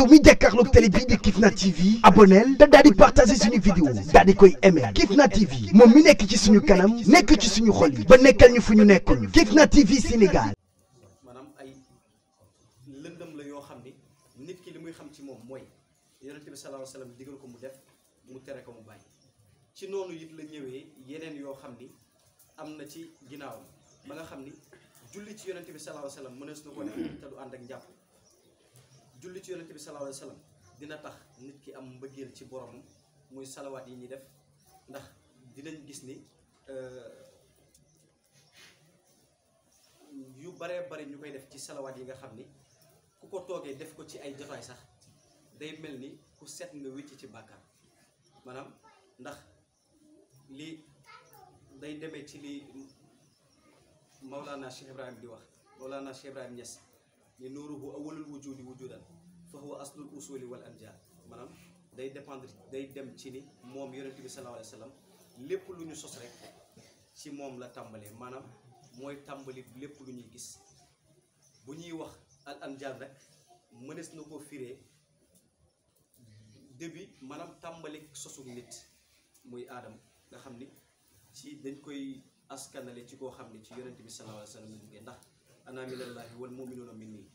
yow mi jàkkaarloog télé bii di Kifna TV abonneel Da daal di partager suñu vidéo daal di koy aimer Kifna TV moom mi nekk ci suñu kanam nekk ci suñu xol yi ba nekkal ñu fu ñu nekkoon Kifna TV Sénégal. Manam ay lëndëm la yo xam nit ki li muy xam ci moom mooy yonent bi sallallahu alayhi wa sallam ko mu def mu tere ko mu bay ci nonu yit la ñëwee yeneen yo xam ni am na ci ginnaawam ba nga xam julli ci yonent bi sallallahu alayhi wa sallam mënees na ko def du ànd ak njàpp. julli ci yonente bi salaahu alayhi wa dina tax nit ki am mbëggeel ci boromam muy salawaat yi ñuy def ndax dinañ gis ni euh, yu baree bari ñu koy def ci salawaat yi nga xam ni ku ko toogee def ko ci ay jotaay sax day mel ni ku set nga wicc ci bàkkaar maanaam ndax li day demee ci li naa Cheikh Ibrahim di wax Maulana Cheikh Ibrahim Niass لنوره أول الوجود وجودا فهو أصل الأصول والأمجاد maanaam day dépendre day dem ci ni moom yonent bi salaahu alayhi wa sallam lépp lu ñu sos rek ci moom la tàmbalee maanaam mooy tàmbali lépp lu ñuy gis bu ñuy wax al amjad rek mënees na koo firee début maanaam tàmbali sosu nit muy aadam nga xam ni ci dañ koy askanale ci koo xam ne ci yonent bi salaahu alayhi wa sallam la jógee ndax ana minallahi wal muminuuna min nii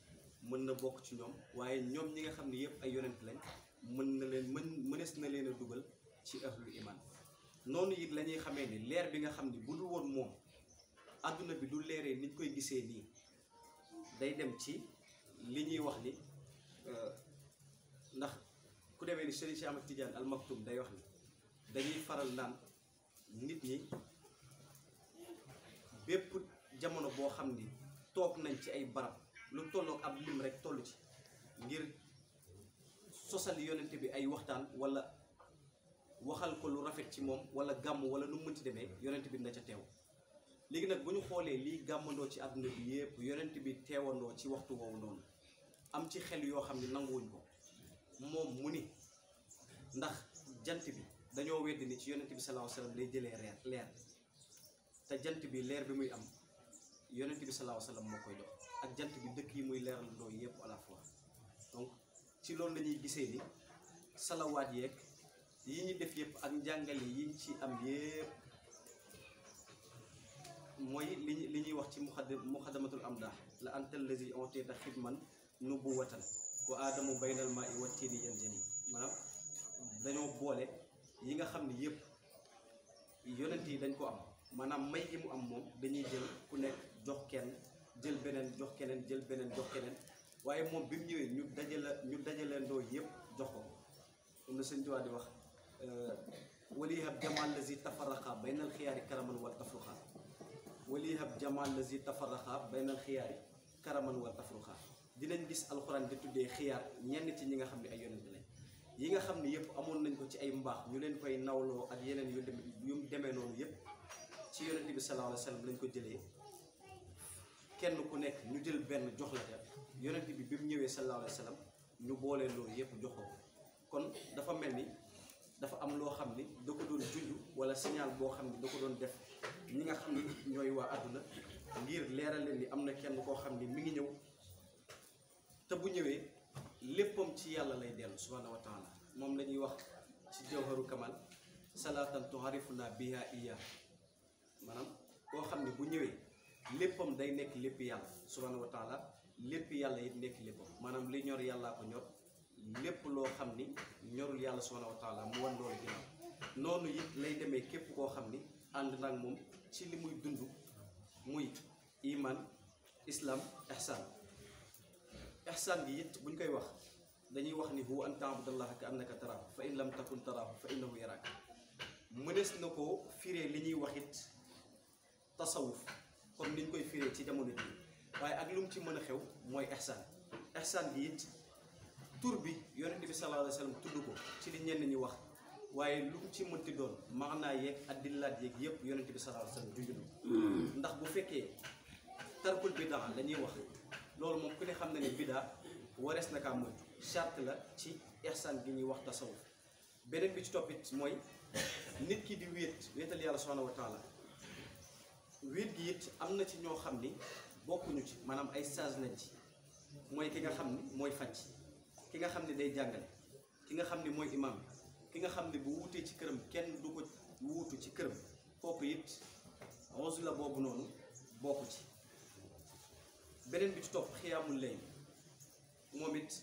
mën na bokk ci ñoom waaye ñoom ñi nga xam ne yëpp ay yonent lañ mën na leen mën mënees na leen a dugal ci lu iman noonu it lañuy ñuy xamee ni leer bi nga xam ne bu dul woon moom àdduna bi du leeree niñ koy gisee nii day dem ci li ñuy wax ni euh, ndax ku demee ni Serigne Cheikh Ahmad Tidiane Al Maktoum day wax ni dañuy faral naan nit ñi bépp jamono boo xam ni toog nañ ci ay barab lu tolloog ab lim rek toll ci ngir sosal yonente bi ay waxtaan walla waxal ko lu rafet ci moom wala gàmm wala nu mënti demee yonente bi na ca teew léegi nag bu ñu xoolee lii gàmmandoo ci àdduna bi yépp yonente bi teewandoo ci waxtu woowu noonu am ci xel yoo xam ne nanguwuñ ko moom mu ni ndax jant bi dañoo wedd ni ci yonent bi salaahu salaam lay jëlee reer leer te jant bi leer bi muy am yonent bi salaahu salaam moo koy jox ak jant bi dëkk yi muy leeral doo yëpp à fois donc ci loolu lañuy gisee ni salawaat yeeg yi ñu def yëpp ak njàngale yi ñu ci am yëpp mooy li li ñuy wax ci muxadamatul am dah la antal lazi onteeta xidman nubbu watan wa aadamu baynal maa dañoo boole yi nga xam ne yëpp yonent yi dañ ko am maanaam may yi mu am moom dañuy jël ku nekk jox kenn jël beneen jox keneen jël beneen jox waaye moom bi mu ñëwee ñu dajale ñu dajaleendoo yëpp jox ko am na sëñ Tuubaa di wax euh, walihab jamal lazi tafaraxa baynal xiyaari karaman wal tafruxa walihab jamal lazi tafaraxa baynal xiyaari karaman wal tafruxa dinañ gis alxuraan di tuddee xiyaar ñenn ci ñi nga xam ne ay yonent lañ yi nga xam ne yëpp amoon nañ ko ci ay mbaax ñu leen koy nawloo ak yeneen yu demee yu demee noonu yëpp ci yonent bi sallallahu alayhi wa sallam lañ ko jëlee kenn ku nekk ñu jël benn jox la te yonent bi bi mu ñëwee sallallahu alayhi wa sallam ñu boolee loolu yëpp jox ko kon dafa mel ni dafa am loo xam ni da ko wala signal boo xam ni da doon def ñi nga xam ni ñooy waa àdduna ngir leeral leen ni am na kenn koo xam ni mi ngi ñëw te bu ñëwee léppam ci yàlla lay dellu subhaanahu wa taala moom la ñuy wax ci jawharu kamal salaatan tuharifu na biha maanaam koo xam ni bu ñëwee léppam day nekk lépp yàlla subhaanahu wa lépp yàlla yit nekk léppam maanaam li ñor yàllaa ko ñor lépp loo xam ni ñorul yàlla subhaanahu wa taala mu wan loolu ginnaaw noonu it lay demee képp koo xam ni ànd nag moom ci li muy dund muy iman islam ihsan ihsan gi it buñ koy wax dañuy wax ni huwa an ta'budallaha ka annaka taraahu fa in lam takun fa innahu yaraaka mënees na ko firee li ñuy waxit tasawuf comme niñ koy firee ci jamono ji waaye ak lu ci mën a xew mooy ihsaan ihsaan gi it tur bi yonent bi sallallahu alayhi wasallam tudd ko ci li ñenn ñi wax waaye lu mu ci mënti doon maanaa yeeg addillaat yeeg yëpp yonent bi sallallahu alayhi wasallam junjunu hmm. ndax bu fekkee tarkul bidaa la ñuy wax loolu moom ku ne xam na ne bidaa warees na kaa moytu charte la ci ihsaan bi ñuy wax tasawuf beneen bi ci topp toppit mooy nit ki di wéet wéetal yàlla subhanahu wa wéet gi it am na ci ñoo xam ni bokkuñu ci maanaam ay sage lañ ci mooy ki nga xam ni mooy ci ki nga xam ni day jàngale ki nga xam ni mooy imam ki nga xam ni bu wutee ci këram kenn du ko wuutu ci këram kooku it onze la boobu noonu bokku ci beneen bi ci topp xiyaamul lay moom it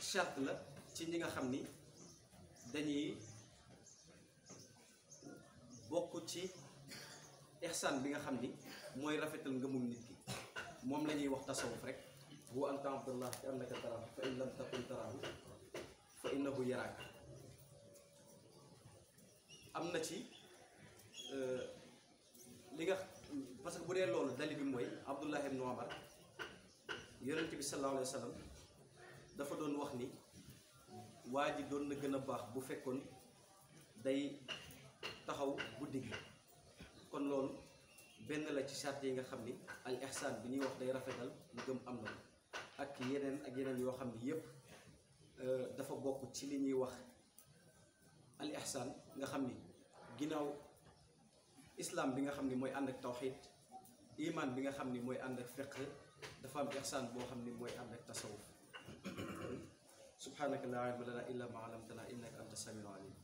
charte la ci ñi nga xam ni dañuy bokk ci ihsaan bi nga xam ni mooy rafetal ngëmum nit ki moom la ñuy wax tasawuf rek bu anta abdullah ka annaka taraahu fa in lam takun taraahu fa am na ci euh, li nga parce que bu dee loolu dali bi mooy abdullah ibn umar yonent bi sallallahu alayhi wa dafa doon wax ni waa ji doon na gën a baax bu fekkoon day taxaw guddi gi kon loolu benn la ci charte yi nga xam ni al ihsaan bi ñuy wax day rafetal lu gëm am na ak yeneen ak yeneen yoo xam ni yépp dafa bokk ci li ñuy wax al ihsaan nga xam ni ginnaaw islam bi nga xam ni mooy ànd ak tawxid iman bi nga xam ni mooy ànd ak fiq dafa am ihsaan boo xam ni mooy ànd ak tasawuf subhanaka laa ilma lana illa ma alamtana innaka anta samiul alim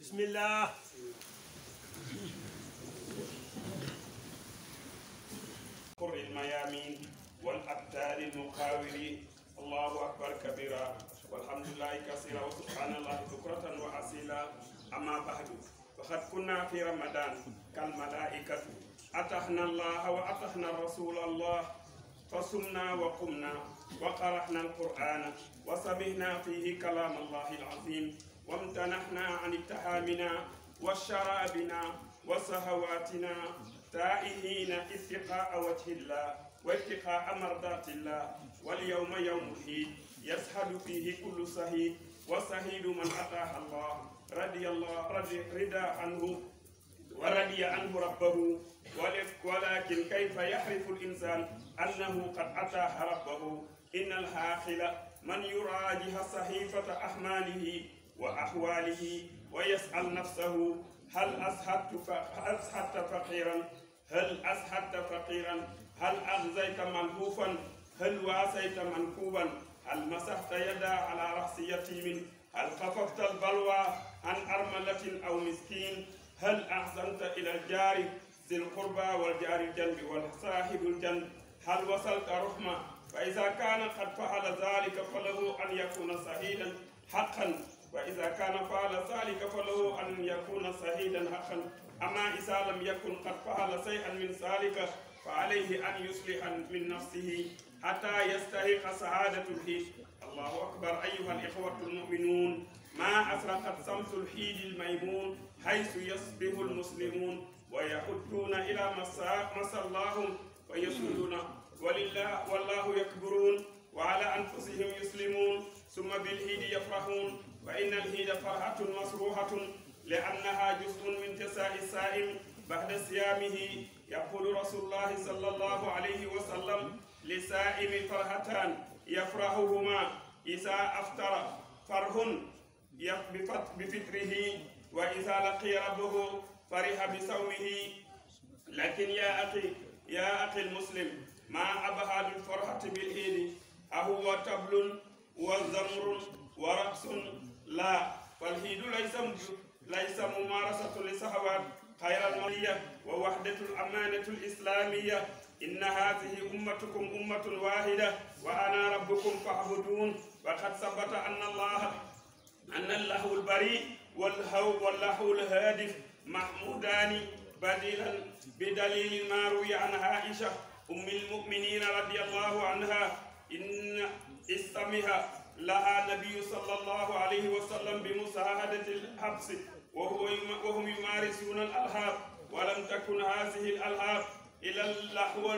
بسم الله قر الميامين والأبتال المقاور الله أكبر كبيرا والحمد لله كثيرا وسبحان الله بكرة وأصيلا أما بعد فقد كنا في رمضان كالملائكة أتحنا الله وأتحنا رسول الله فصمنا وقمنا وقرأنا القرآن وسمعنا فيه كلام الله العظيم وامتنحنا عن التحامنا وشرابنا وسهواتنا تائهين اتقاء وجه الله واتقاء مرضات الله واليوم يوم حيد يسهل فيه كل سهيد وسهيد من أتاه الله رضي الله رضي رضا عنه ورضي عنه ربه ولكن كيف يعرف الإنسان أنه قد أتاه ربه إن الحاخل من يراجح صحيفة أحماله وأحواله ويسأل نفسه هل أزهدت أزهدت فقيرا هل أزهدت فقيرا هل أغزيت منهوفا هل واسيت منكوبا هل مسحت يدا على رأس يتيم هل خففت البلوى عن أرملة أو مسكين هل أحسنت إلى الجار ذي القربى والجار الجنب والصاحب الجنب هل وصلت رحمة فإذا كان قد فعل ذلك فله أن يكون سعيدا حقا وإذا كان فعل ذلك فله أن يكون صحيحا حقا أما إذا لم يكن قد فعل شيئا من ذلك فعليه أن يصلح من نفسه حتى يستحق سعادة الحيد الله أكبر أيها الإخوة المؤمنون ما أسرقت شمس الحيد الميمون حيث يصبح المسلمون ويحجون إلى مساء مسا اللهم ويسجدون ولله والله يكبرون وعلى أنفسهم يسلمون ثم بالحيد يفرحون فإن الهيد فرحة مسروحة لأنها جزء من جزاء السائم بعد صيامه يقول رسول الله صلى الله عليه وسلم لسائم فرحتان يفرحهما إذا أفطر فرح بفطره وإذا لقي ربه فرح بصومه لكن يا أخي يا أخي المسلم ما أبهى بالفرحة بالهيد أهو تبل وزمر ورقص لا فالحيد ليس ليس ممارسة لسهوات خير المرية ووحدة الأمانة الإسلامية إن هذه أمتكم أمة واحدة وأنا ربكم فاعبدون وقد ثبت أن الله أن الله البريء والهو والله الهادف محمودان بدلا بدليل ما روي عن عائشة أم المؤمنين رضي الله عنها إن استمها لها النبي صلى الله عليه وسلم بمساعدة الحبس وهو وهم يمارسون الألهاب ولم تكن هذه الألهاب إلى اللحو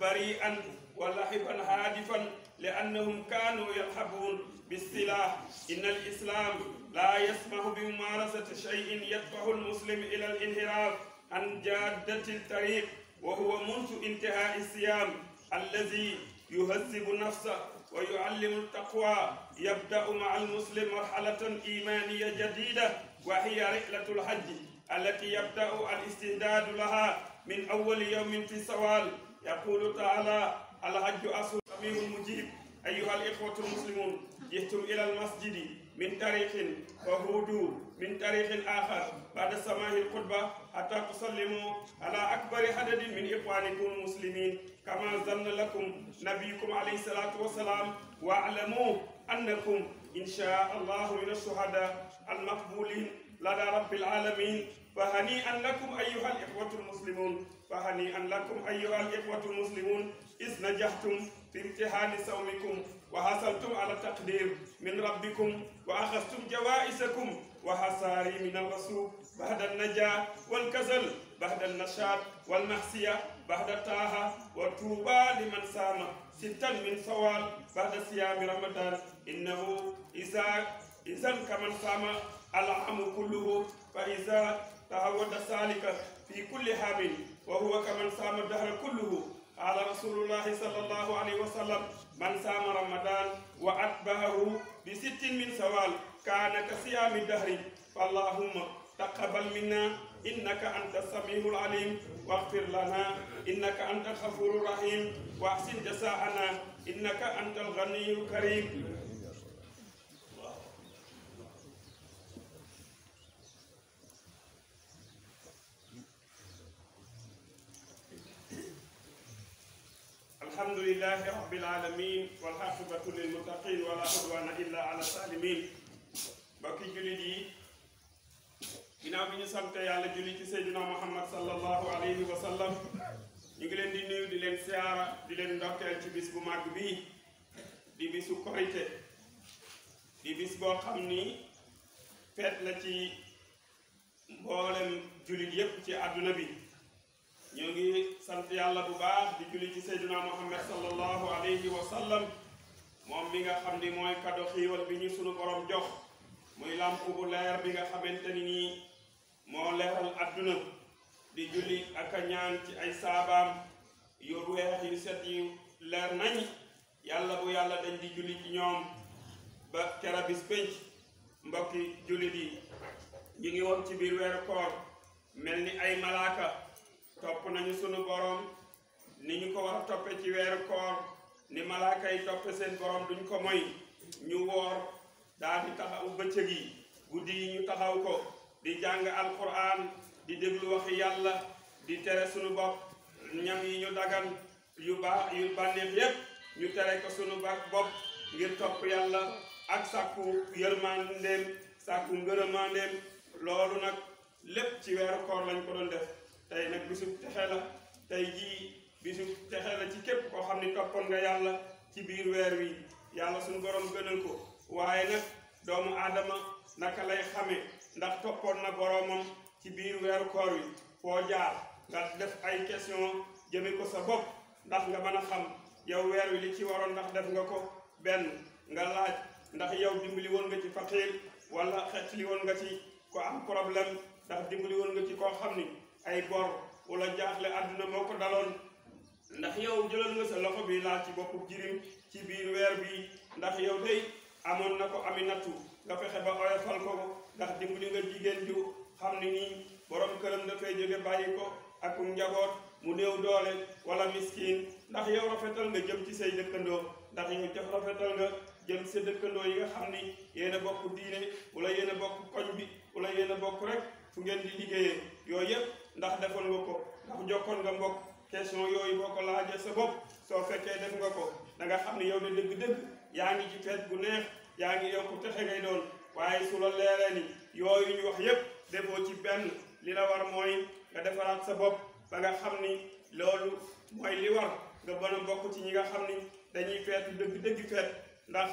بريئا ولحبا هادفا لأنهم كانوا يلحبون بالسلاح إن الإسلام لا يسمح بممارسة شيء يدفع المسلم إلى الانحراف عن جادة الطريق وهو منذ انتهاء الصيام الذي يهذب نفسه ويعلم التقوى يبدأ مع المسلم مرحلة إيمانية جديدة وهي رحلة الحج التي يبدأ الاستعداد لها من أول يوم في السوال يقول تعالى الحج أصل سميع مجيب أيها الإخوة المسلمون جئتم إلى المسجد من تاريخ وهودوا من تاريخ آخر بعد سماع الخطبة حتى تسلموا على أكبر عدد من إخوانكم المسلمين كما زن لكم نبيكم عليه الصلاة والسلام واعلموا أنكم إن شاء الله من الشهداء المقبولين لدى رب العالمين فهنيئا لكم أيها الإخوة المسلمون فهنيئا لكم أيها الإخوة المسلمون إذ نجحتم في امتحان صومكم وحصلتم على التقدير من ربكم وأخذتم جوائزكم وحصاري من الرسول بعد النجاة والكسل بعد النشاط والمعصية بعد الطاعة والتوبة لمن سام ستا من صوال بعد صيام رمضان إنه إذا إذا كمن صام العام كله فإذا تعود سالك في كل حامل وهو كمن صام الدهر كله قال رسول الله صلى الله عليه وسلم من صام رمضان وأتبعه بست من سوال كان كصيام الدهر فاللهم تقبل منا إنك أنت السميع العليم واغفر لنا إنك أنت الغفور الرحيم وأحسن جزاءنا إنك أنت الغني الكريم الحمد لله رب العالمين والعاقبة للمتقين ولا عدوان إلا على السالمين بكي جلدي إنا بني سنت يا لجلي سيدنا محمد صلى الله عليه وسلم نجلن دي نيو دي لن سيارة دي لن دوكيل تي بيس بماك بي دي بيسو كوريت دي بيس بو خمني فت لتي بولم جلدي يبتي عدو نبي ñoo ngi sant yàlla bu baax di julli ci seyduna muhammad sallallahu alayhi wa moom mi nga xam ni mooy kado xiiwal bi ñu sunu borom jox muy làmp bu leer bi nga xamante ni nii moo leeral adduna di julli ak a ñaan ci ay saabaam yu weex yu set yu leer nañ yàlla bu yàlla dañ di julli ci ñoom ba kera bis mbokki jullit yi ñu ngi woon ci biir weeru mel ni ay malaaka topp nañu sunu borom ni ñu ko war toppe ci weeru koor ni malaaka yi toppe seen borom duñ ko moy ñu woor daal di taxaw bëccëg yi guddi yi ñu taxaw ko di jàng alquran di déglu waxi yàlla di tere sunu bopp ñam yi ñu dagan yu baax yu bànneex yépp ñu tere ko sunu bopp ngir topp yàlla ak sàkku yërmandeem sàkku ngërëmandeem loolu nag lépp ci weeru koor lañ ko doon def tey nag bisub texe la tey jii bisub texe la ci képp koo xam ni toppoon nga yàlla ci biir weer wi yàlla suñu boroom gënal ko waaye nag doomu aadama naka lay xamee ndax toppoon na boromam ci biir weeru koor wi foo jaar nga def ay question jëme ko sa bopp ndax nga mën a xam yow weer wi li ci waroon ndax def nga ko benn nga laaj ndax yow dimbali woon nga ci faqiir wala xeetli woon nga ci ko am problème ndax dimbali woon nga ci koo xam ni ay bor wala jaaxle àdduna moo ko daloon ndax yow jëlal nga sa loxo bi laal ci boppu jirim ci biir weer bi ndax yow day amoon na ko ami nga fexe ba oyofal ko ndax dimbali nga jigéen ju xam ne nii borom këram dafay jóge bàyyi ko ak um njaboot mu néew doole wala miskin ndax yow rafetal nga jëm ci say dëkkandoo ndax yow jox rafetal nga jëm sa dëkkandoo yi nga xam ni yéen a bokk diine wala yéen a bokk koñ bi wala yéen a bokk rek fu ngeen di liggéeyee yooyu yëpp ndax defoon nga ko ndax jokkon nga mbokk question yooyu boo ko laajee sa bopp soo fekkee def nga ko da nga xam ne yow de dëgg-dëgg yaa ngi ci fet gu neex yaa ngi yokku texe ngay doon waaye su la leeree ni yooyu ñu wax yépp defoo ci benn li la war mooy nga defaraat sa bopp ba nga xam ni loolu mooy li war nga mën a bokk ci ñi nga xam ni dañuy feetu dëgg-dëgg feet ndax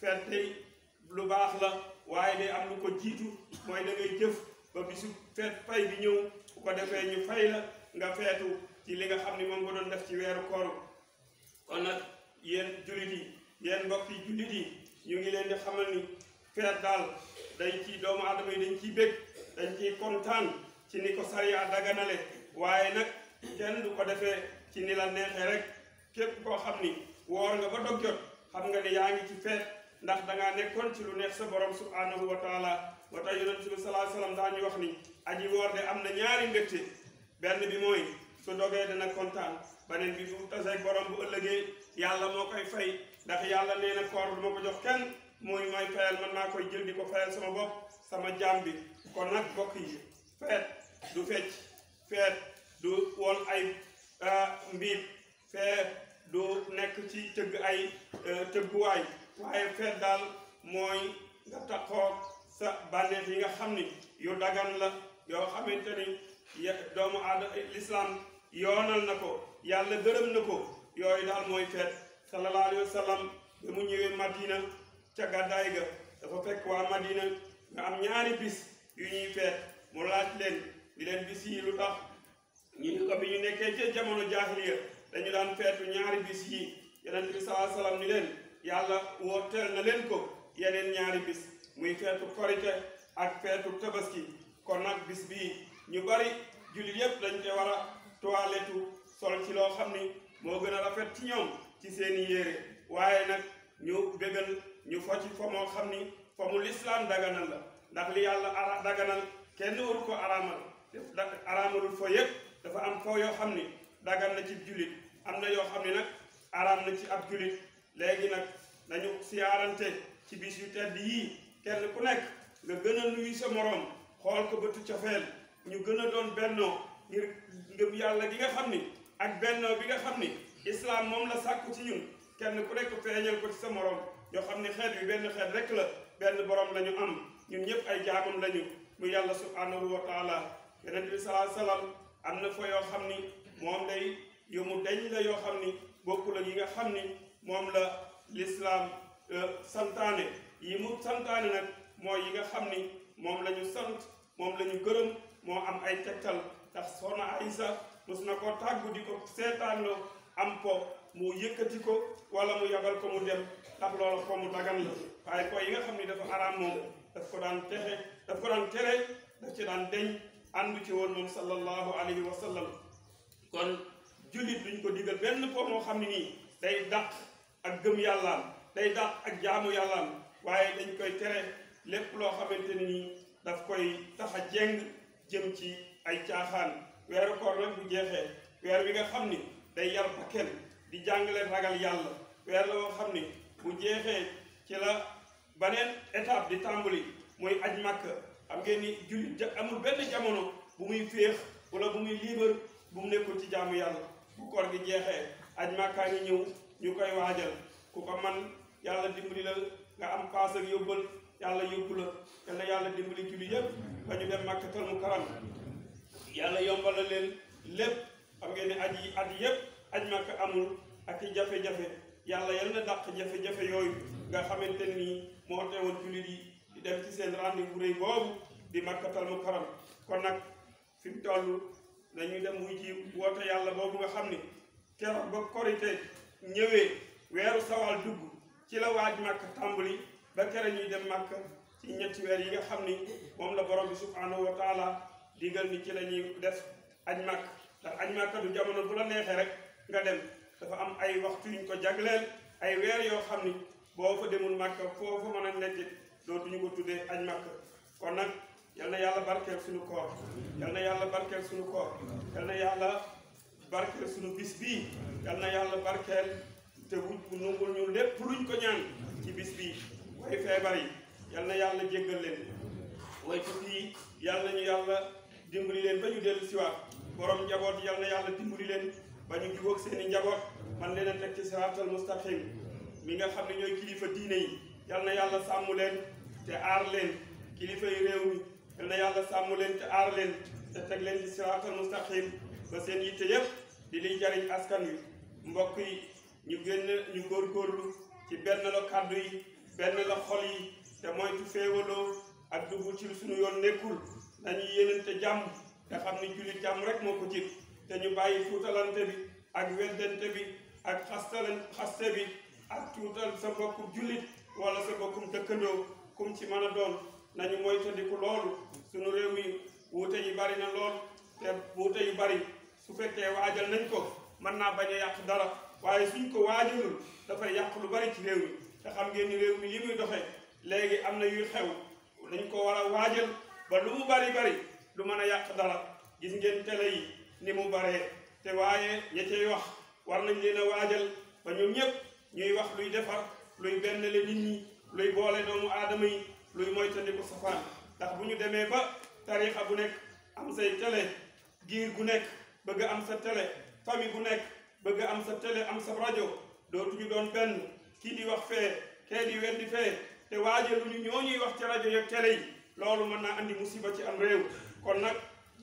feet tey lu baax la waaye day am lu ko jiitu mooy da ngay jëf ba bisu feet fay bi ñëw ko defee ñu fay la nga feetu ci li nga xam ni moom nga doon def ci weeru koor kon nag yéen julit yi yéen mbokk yi yi ñu ngi leen di xamal ni feet daal dañ ci doomu adama yi dañ ci bég dañ ci kontaan ci ni ko sariya daganale waaye nag kenn du ko defee ci ni la neexee rek képp koo xam ni nga ba dog xam nga ne yaa ci feet ndax dangaa nekkoon ci lu neex sa borom subhanahu wa taala moo tax yonent bi salaa salaam daañu wax ni aji woor de am na ñaari mbégte benn bi mooy su dogee dana kontaan beneen bi fu taseeg borom bu ëllëgee yàlla moo koy fay ndax yàlla nee na koor du ko jox kenn mooy may fayal man maa koy jël di ko fayal sama bopp sama jaam bi ko nag bokk yi feet du fecc feet du wol ay ah, mbiib feet du nekk ci tëgg ay ah, tëgguwaay waaye feet daal mooy nga taxoo sa bànneex yi nga xam ni yu dagan la yoo xamante ni doomu aadama lislaam yoonal na ko yàlla gërëm na ko yooyu daal mooy feet sallallahu alayhi wa sallam ba mu ñëwee madina ca gàddaay ga dafa fekk waa madina nga am ñaari bis yu ñuy feet mu laaj leen di leen bis yi lu tax ñu ni ñu nekkee ca jamono jaahiliya dañu daan feetu ñaari bis yi yonent bi sallallahu alayhi ni leen yàlla wooteel na leen ko yeneen ñaari bis muy feetu korite ak feetu tabaski kon nag bis bii ñu bari jullit yépp dañu te war a toiletu sol ci loo xam ni moo gën a rafet ci ñoom ci seeni yére waaye nag ñu bégal ñu fo ci fa moo xam ni fa mu lislaam daganal la ndax li yàlla ara dagganal kenn waru ko araamal daf araamalul fo yépp dafa am foo yoo xam ni daggan na ci jullit am na yoo xam ni nag araam na ci ak jullit léegi nag nañu siyaarante ci biir yu tedd yii kenn ku nekk nga gën a nuyu sa moroom xool ko bëtu cofeel ñu gën a doon bennoo ngir ngëm yàlla gi nga xam ni ak bennoo bi nga xam ni islaam moom la sàkku ci ñun kenn ku nekk feeñal ko ci sa moroom yoo xam ni xeet bi benn xeet rek la benn borom la ñu am ñun ñëpp ay jaamam lañu mu yàlla subhanahu wa taala yonent bi salaa salaam am na fa yoo xam ni moom day yomu dañ la yoo xam ni bokkul la yi nga xam ni moom la lislaam euh, santaane yi mu santaane nag mooy yi nga xam ni moom la ñu sant moom la ñu gërëm moo am ay tegtal tax soxna Aysa mos na koo tàggu di ko seetaanloo am ko mu yëkkati ko wala mu yabal ko mu dem ndax loolu ko mu dagan la waaye ko yi nga xam ni dafa araam moom daf ko daan texe daf ko daan tere daf ci daan deñ àndu ci woon moom sallallahu alayhi wa kon jullit duñ ko digal benn po moo xam ne nii day dàq ak gëm yàllaam day dàq ak jaamu yàllaam waaye dañ koy tere lépp loo xamante ni nii daf koy taxa a jeng jëm ci ay caaxaan weeru koor nag bu jeexee weer bi nga xam ni day yar bakken di jàngale ragal yàlla weer la woo xam ni bu jeexee ci la beneen étape di tàmbali mooy aj màkk xam ngeen ni jullit amul benn jamono bu muy féex wala bu muy liibar bu mu nekkul ci jaamu yàlla bu koor gi jeexee aj màkkaa ngi ñëw ñu koy waajal ku ko man yàlla dimbali la nga am paas ak yóbbal yàlla yóbbu la yàlla yàlla dimbali julli yëpp ba ñu dem màkkatal mu karam yàlla yombal leen lépp xam ngeen ne aj yi at yëpp aj màkk amul ak jafe-jafe yàlla yal na dàq jafe-jafe yooyu nga xamante nii moo teewoon yi di dem ci seen rendez-vous réy boobu di màkkatal mu karam kon nag fi mu toll dañuy dem muy ci woote yàlla boobu nga xam ni keroog ba korite ñëwee weeru sawal dugg ci la waaj màkk tàmbali ba kere ñuy dem màkk ci ñetti weer yi nga xam ni moom la borom bi subhanahu wa taala digal ni ci la ñuy def aj màkk ndax aj màkk du jamono bu la neexee rek nga dem dafa am ay waxtu yuñ ko jagleel ay weer yoo xam ni boo fa demul màkk foofu mën a nekk ñu ko tuddee aj màkk kon nag yal na yàlla barkeel suñu koor yal na yàlla barkeel suñu koor yal na yàlla barkeel suñu bis bii yal na yàlla barkeel te wuñ bu nungul ñu lépp luñ ko ñaan ci bis bii way feebar yi yal na yàlla jéggal leen way tukki yi yal na ñu yàlla dimbali leen ba ñu dellu siwaat borom njaboot yal na yàlla dimbali leen ba ñu jubóog seen njaboot man leen a teg ci siraatal mustaqim mi nga xam ne ñooy kilifa diine yi yal na yàlla sàmm leen te aar leen kilifa yi réew mi yal na yàlla sàmm leen te aar leen te teg leen ci siraatal mustaqim ba seen yitte yëpp di liy jariñ askan wi mbokk yi ñu génn ñu góorgóorlu ci benn la kàddu yi benn la xol yi te moytu féewaloo ak dugg ci suñu yoon nekkul nañu yéenante jàmm nga xam ni jullit jàmm rek moo ko jig te ñu bàyyi fuutalante bi ak weddante bi ak xastalan xaste bi ak tuutal sa mbokku jullit wala sa mbokkum dëkkandoo kum ci mën a doon nañu moytandiku loolu suñu réew mi wuute yi bari na lool te wuute yi bari su fekkee waajal nañ ko mën naa bañ a yàq dara waaye suñ ko waajalul dafay yàq lu bari ci réew mi te xam ngeen ni réew mi li muy léegi am na yuy xew dañ ko war a waajal ba lu mu bari bari du mën a yàq dara gis ngeen télé yi ni mu bare te waaye ña cay wax war nañ leen a waajal ba ñoom ñëpp ñuy wax luy defar luy bennle nit ñi luy boole doomu aadama yi luy moytandiku safaan ndax bu ñu demee ba tarixa bu nekk am say télé giir gu nekk bëgg am sa télé famille bu nekk bëgg am sa télé am sa rajo dootuñu doon benn kii di wax fee kee di weddi fee te waajaluñu ñoo ñuy wax ci rajo yeeg télé yi loolu mën naa andi musiba ci am réew kon nag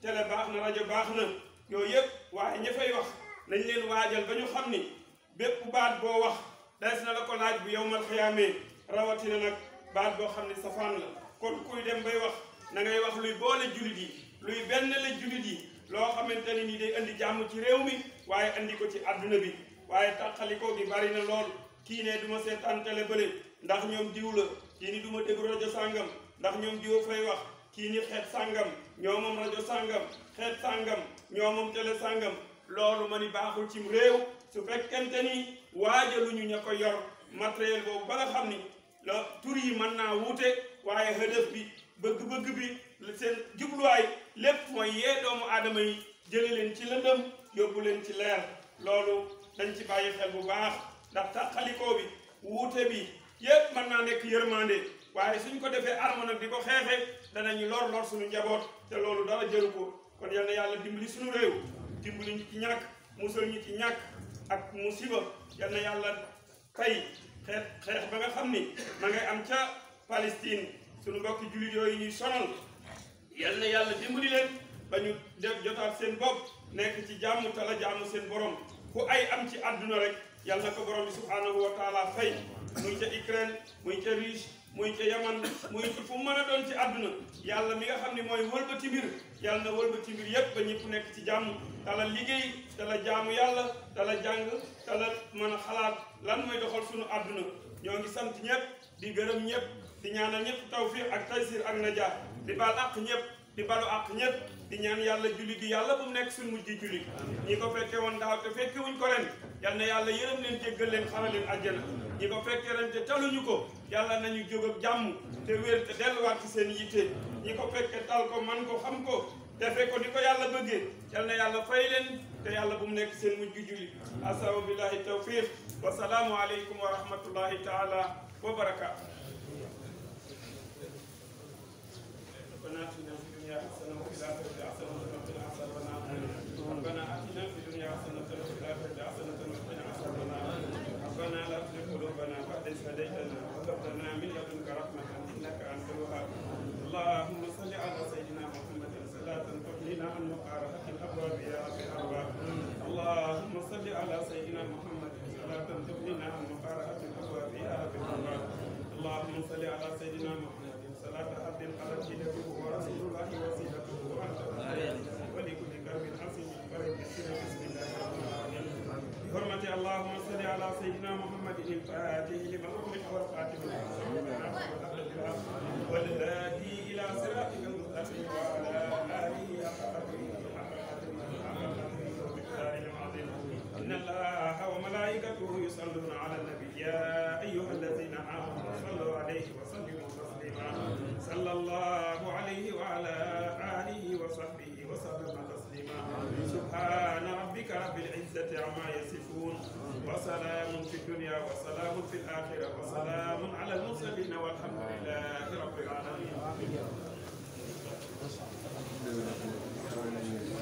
télé baax na rajo baax na yooyu yëpp waaye ña fay wax nañ leen waajal ba ñu xam ni bépp baat boo wax des na la ko laaj bu yow mal xiyaamee rawatina nag baat boo xam ne safaan la kon kuy dem bay wax na ngay wax luy boole jullit yi luy benn la jullit yi loo xamante ni nii day andi jàmm ci réew mi waaye indi ko ci àdduna bi waaye tàqalikoo gi bari na lool kii ne du ma seetaan tele bële ndax ñoom diw la kii ni du ma déglu rajo sàngam ndax ñoom diw fay wax kii ni xeet sàngam ñoo moom rajo sàngam xeet sàngam ñoo moom télé sàngam loolu ma ni baaxul ci réew su fekkente ni waajaluñu ña ko yor matériel boobu ba nga xam ni la tur yi mën naa wuute waaye hëdëf bi bëgg-bëgg bi seen jubluwaay lépp mooy yee doomu aadama yi jële leen ci lëndëm yóbbu leen ci leer loolu dañ ci bàyyi xel bu baax ndax taxalikoo bi wuute bi yépp mën naa nekk yërmande waaye suñ ko defee arme nag di ko xeexe danañu lor lor suñu njaboot te loolu dara jëru ko kon yal na yàlla dimbali suñu réew dimbali ñu ci ñàkk musal ñu ci ñàkk ak musiba yal na yàlla kay xeex xeex ba nga xam ni ma ngay am ca Palestine suñu mbokki jullit yooyu ñuy sonal Yalla yalla dimbali len bañu ñu sen bop nek ci jàmm tala jamu sen borom ku ay am ci aduna rek yalla ko borom subhanahu wa taala fay muy ci Ukraine muy ci muy ci Yaman muy ci fu meuna yalla ci aduna yalla mi nga xamni moy wolba ci bir yalla na ci bir yeb ba ñepp nek ci jàmm tala liggey tala jamu yalla tala jang tala meuna xalaat lan moy doxal suñu aduna ñoo ngi sant ñepp di gëreem ñepp di ñaanal ñepp tawfiq ak taysir ak najaa di baal ak ñëpp di balu ak ñëpp di ñaan yàlla julli yi yàlla bu mu nekk suñ mujj julli ñi ko fekke woon daaw te fekke wuñ ko ren yal yàlla yërëm leen jéggal leen xaral leen àjjana ñi ko fekke ren te taluñu ko yàlla nañu jóg ak jàmm te wér te delluwaat ci seen yitte ñi ko fekkee tal ko man ko xam ko defe ko ni ko yàlla bëggee yal na yàlla fay leen te yàlla bu mu nekk seen mujj julli asaw billahi tawfiq wa salaamu aleykum wa rahmatullahi taala wa barakaatu المقارنة الأبواب يا أبي الأرواح اللهم صل على سيدنا محمد صلاة تبنينا عن مقارنة الأبواب يا أبي الأرواح اللهم صل على سيدنا محمد صلاة عبد القلب جدته ورسول الله وسيلته وأنت ولكل كرب حسن فرد بسم الله الرحمن الرحيم بحرمة اللهم صل على سيدنا محمد الفاتح لما أغلق والخاتم لما عما يصفون وسلام في الدنيا وسلام في الآخرة وسلام على المرسلين والحمد لله رب العالمين.